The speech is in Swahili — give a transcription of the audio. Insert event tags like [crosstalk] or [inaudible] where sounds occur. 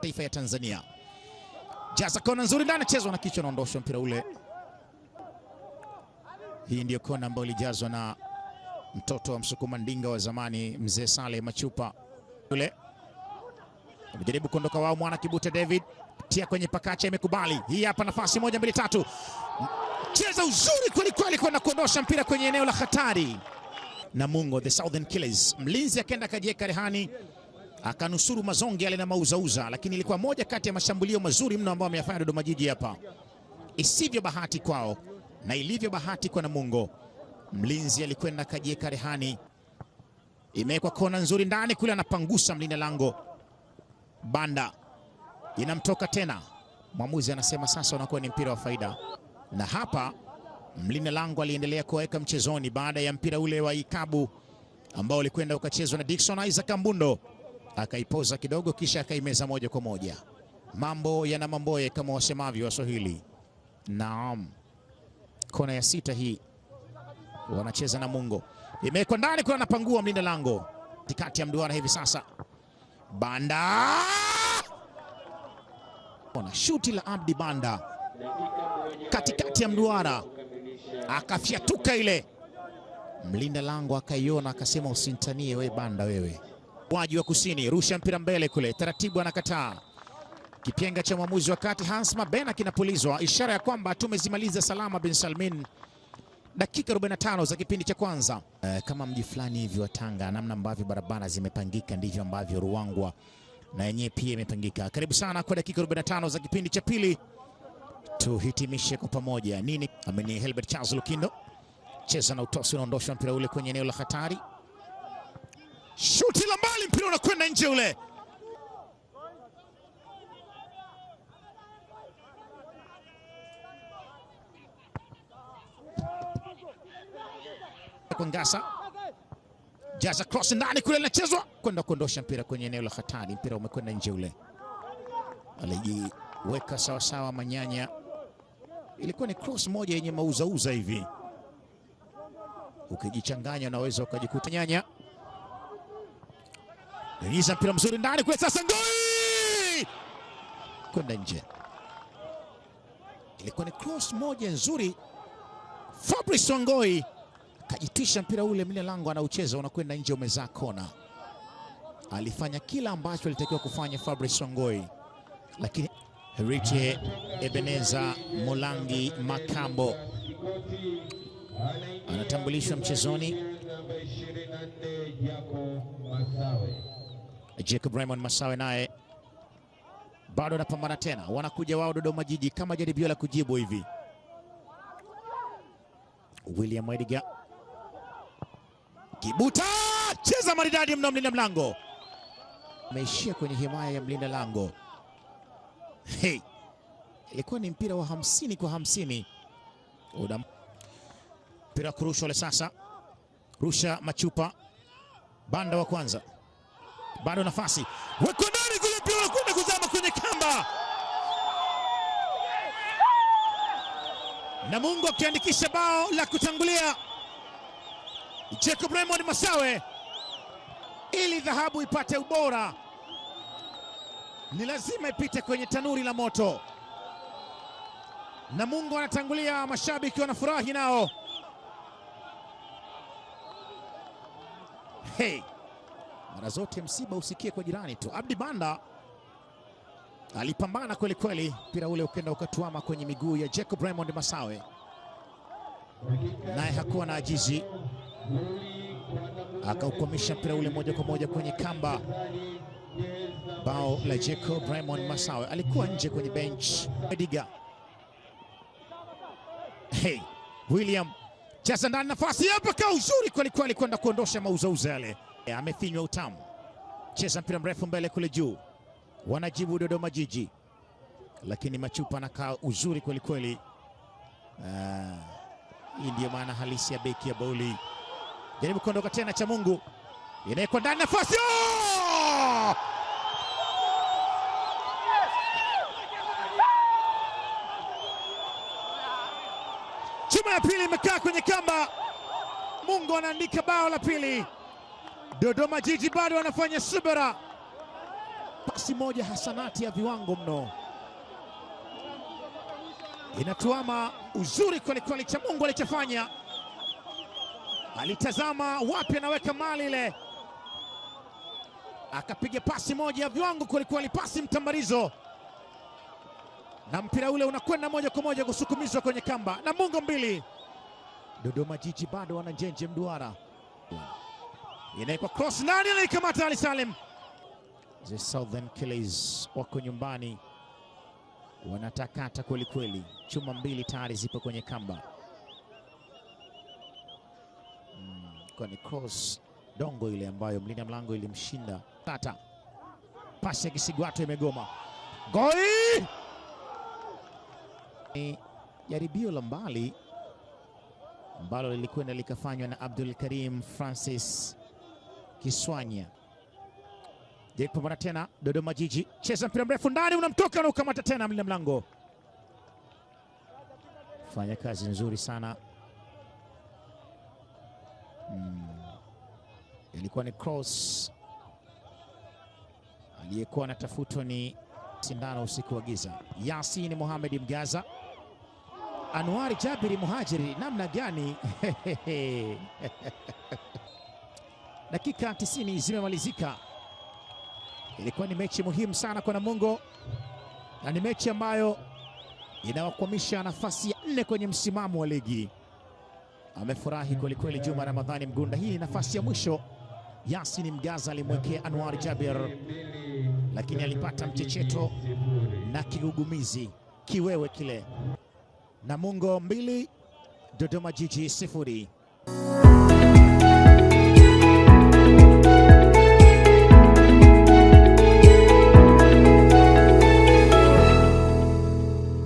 taifa ya Tanzania. Jaza kona nzuri ndani, chezwa na kichwa, naondoshwa mpira ule. Hii ndiyo kona ambayo ilijazwa na mtoto wa msukuma ndinga wa zamani mzee Sale Machupa ule amejaribu kuondoka wao, mwana Kibute David tia kwenye pakacha, imekubali hii hapa nafasi, moja mbili tatu, cheza uzuri kweli kweli, kwenda kuondosha mpira kwenye eneo la hatari. Namungo the Southern Killers, mlinzi akaenda akajieka rehani akanusuru mazonge yale na mauzauza, lakini ilikuwa moja kati ya mashambulio mazuri mno ambayo ameyafanya Dodoma Jiji hapa. Isivyo bahati kwao na ilivyo bahati kwa Namungo, mlinzi alikwenda kajieka rehani, imewekwa kona nzuri ndani kule, anapangusa mlinda lango, banda inamtoka tena, mwamuzi anasema sasa unakuwa ni mpira wa faida, na hapa mlinda lango aliendelea kuwaweka mchezoni baada ya mpira ule wa ikabu ambao ulikwenda ukachezwa na Dickson Isaac Mbundo akaipoza kidogo, kisha akaimeza moja kwa moja. Mambo yana mamboye kama wasemavyo Waswahili. Naam, kona ya sita hii wanacheza na Mungo, imewekwa ndani, kuna napangua mlinda lango katikati ya mduara hivi sasa. Banda ona shuti la Abdi Banda katikati ya mduara, akafyatuka ile, mlinda lango akaiona, akasema usintanie we Banda wewe waji wa kusini, rusha mpira mbele kule, taratibu anakataa kipenga cha mwamuzi wa kati Hans Mabena kinapulizwa, ishara ya kwamba tumezimaliza salama bin Salmin dakika 45 za kipindi cha kwanza. E, kama mji fulani hivi wa Tanga, namna ambavyo barabara zimepangika ndivyo ambavyo Ruangwa na yenyewe pia imepangika. Karibu sana kwa dakika 45 za kipindi cha pili, tuhitimishe kwa pamoja nini. Ameni Helbert Charles Lukindo cheza na utosi, unaondosha mpira ule kwenye eneo la hatari shuti la mbali, mpira unakwenda nje ule. Ngasa jaza cross ndani kule, linachezwa kwenda kuondosha mpira kwenye eneo la hatari, mpira umekwenda nje ule. Alijiweka sawasawa Manyanya, ilikuwa ni cross moja yenye mauzauza hivi, ukijichanganya unaweza ukajikuta nyanya Naingiza mpira mzuri ndani kwa sasa ngoi kwenda nje. Ilikuwa ni cross moja nzuri, Fabrice Ngoi akajitisha mpira ule, mle lango anaucheza unakwenda nje, umezaa kona. Alifanya kila ambacho alitakiwa kufanya Fabrice Ngoi, lakini Richie Ebeneza Mulangi Makambo anatambulishwa mchezoni. Jacob Raymond Masawe naye bado anapambana tena, wanakuja wao Dodoma Jiji kama jaribio la kujibu hivi. William Edgar Kibuta cheza maridadi mno, mlinda mlango ameishia kwenye himaya ya mlinda lango. Hey, ilikuwa ni mpira wa hamsini kwa hamsini. Udam. Mpira kurushwa le sasa, rusha Machupa, banda wa kwanza bado nafasi, weko ndani kule, pia unakwenda kuzama kwenye kamba, na Mungu akiandikisha bao la kutangulia. Jacob Raymond Masawe, ili dhahabu ipate ubora ni lazima ipite kwenye tanuri la moto, na Mungu anatangulia. Mashabiki wanafurahi nao, hey mara zote msiba usikie kwa jirani tu. Abdi Banda alipambana kweli kweli, mpira ule ukenda ukatuama kwenye miguu ya Jacob Raymond Masawe, naye hakuwa na ajizi, akaukwamisha mpira ule moja kwa moja kwenye kamba. Bao la Jacob Raymond Masawe, alikuwa nje kwenye bench. Ediga. hey, William chasa ndani, nafasi hapa, kaa uzuri kweli kweli, kwenda kuondosha mauzauza yale. Eh, amefinywa utamu, cheza mpira mrefu mbele kule juu, wanajibu Dodoma Jiji, lakini Machupa anakaa uzuri kwelikweli. Eh, hii uh, ndiyo maana halisi ya beki ya boli. Jaribu kuondoka tena, cha Mungu inawekwa ndani, nafasi oh! chuma ya pili imekaa kwenye kamba. Mungu anaandika bao la pili. Dodoma Jiji bado wanafanya subira. Pasi moja hasanati ya viwango mno, inatuama uzuri kwelikweli. Cha Mungu alichofanya, alitazama wapi anaweka mali ile, akapiga pasi moja ya viwango kwelikweli, pasi mtambarizo, na mpira ule unakwenda moja kwa moja kusukumizwa kwenye kamba na mungo mbili. Dodoma Jiji bado wana njenje mduara inaekwa cross, nani anaikamata? Ali Salim. The Southern Killers wako nyumbani, wanatakata kweli kweli, chuma mbili tayari zipo kwenye kamba. Mm, kwani cross dongo ile ambayo mlinda mlango ilimshinda tata. Pasi ya Kisigwato imegoma goli. Ni jaribio la mbali ambalo lilikwenda likafanywa na Abdul Karim Francis Kiswanya. Jake kupambana tena, Dodoma Jiji cheza mpira mrefu ndani, unamtoka na ukamata tena mlinda mlango. Fanya kazi nzuri sana mm. Ilikuwa ni cross, aliyekuwa anatafutwa ni sindano usiku wa giza. Yasini Mohamed Mgaza, Anuari Jabiri Muhajiri, namna gani! [laughs] dakika 90 zimemalizika. Ilikuwa ni mechi muhimu sana kwa Namungo na ni mechi ambayo inawakwamisha nafasi ya nne kwenye msimamo wa ligi. Amefurahi kwelikweli Juma Ramadhani Mgunda. Hii ni nafasi ya mwisho. Yasin Mgaza alimwekea Anwar Jabir, lakini alipata mchecheto na kigugumizi kiwewe kile. Namungo mbili Dodoma Jiji sifuri.